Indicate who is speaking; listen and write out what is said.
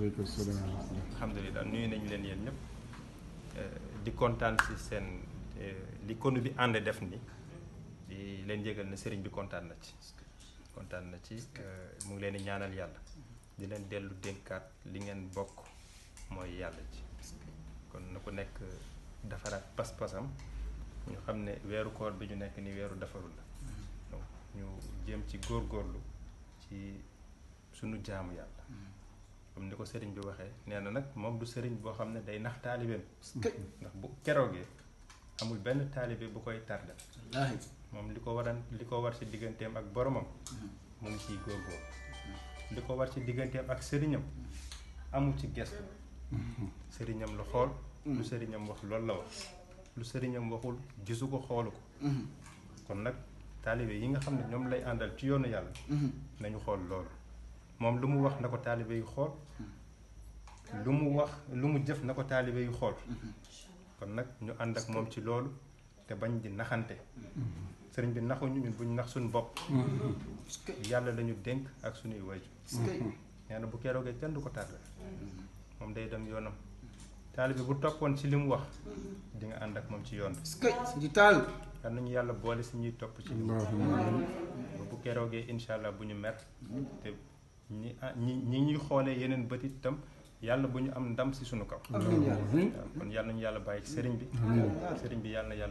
Speaker 1: waaleykum salaam alhamdulilah nuyu nañu leen yéen ñëpp euh, di kontaan si seen euh, li konu bi ànd def ni di leen yëgal na sëriñ bi kontaan na ci kontaan na ci euh, mu ngi leen di ñaanal yàlla di leen dellu dénkaat li ngeen bokk mooy yàlla ji kon na ku nekk defaraat pas-pasam ñu xam ne weeru koor bi ñu nekk ni weeru defaru la ñu jéem ci góorgóorlu ci sunu jaamu yàlla comme ni ko sëriñ bi waxe nee nak mom du sëriñ bo xam day nax ndax bu keroogee amul ben talibé bu koy tardal wallahi mom liko waran liko war ci digganteem ak boromam mu ngi ci góorgóor li ko war ci digganteem ak sëriñam amul ci gestu sëriñam lu xol lu sëriñam wax loolu la wax lu sëriñam waxul gisu ko mhm. kon nak talibé yi nga xam ñom lay andal ci yoonu yalla mhm. nañu xol mom lumu mu wax nako talibé taalibe yu lumu lu mu wax lu mu jëf nako talibé taalibe yu xool kon nak ñu and ak mom ci lool té bañ di naxanté sëriñ bi naxuñu ñun buñ nax suñu bop yalla lañu dénk ak suñu wayju ñana na bu keroogee kenn du ko tàll mom day dem yonam talibé bu toppoon ci limu wax di nga and ak mom ci yoon ci tal kan ñu yalla boole ci ñuy top ci limu wax bu kéro ge inshallah buñu mer te ñi ah, ñi ñi ñuy xoolee yeneen bët tam yàlla bu ñu am ndam si sunu kaw. kon yàlla nañu yàlla bàyyi sëriñ bi. sëriñ bi yàlla yàlla.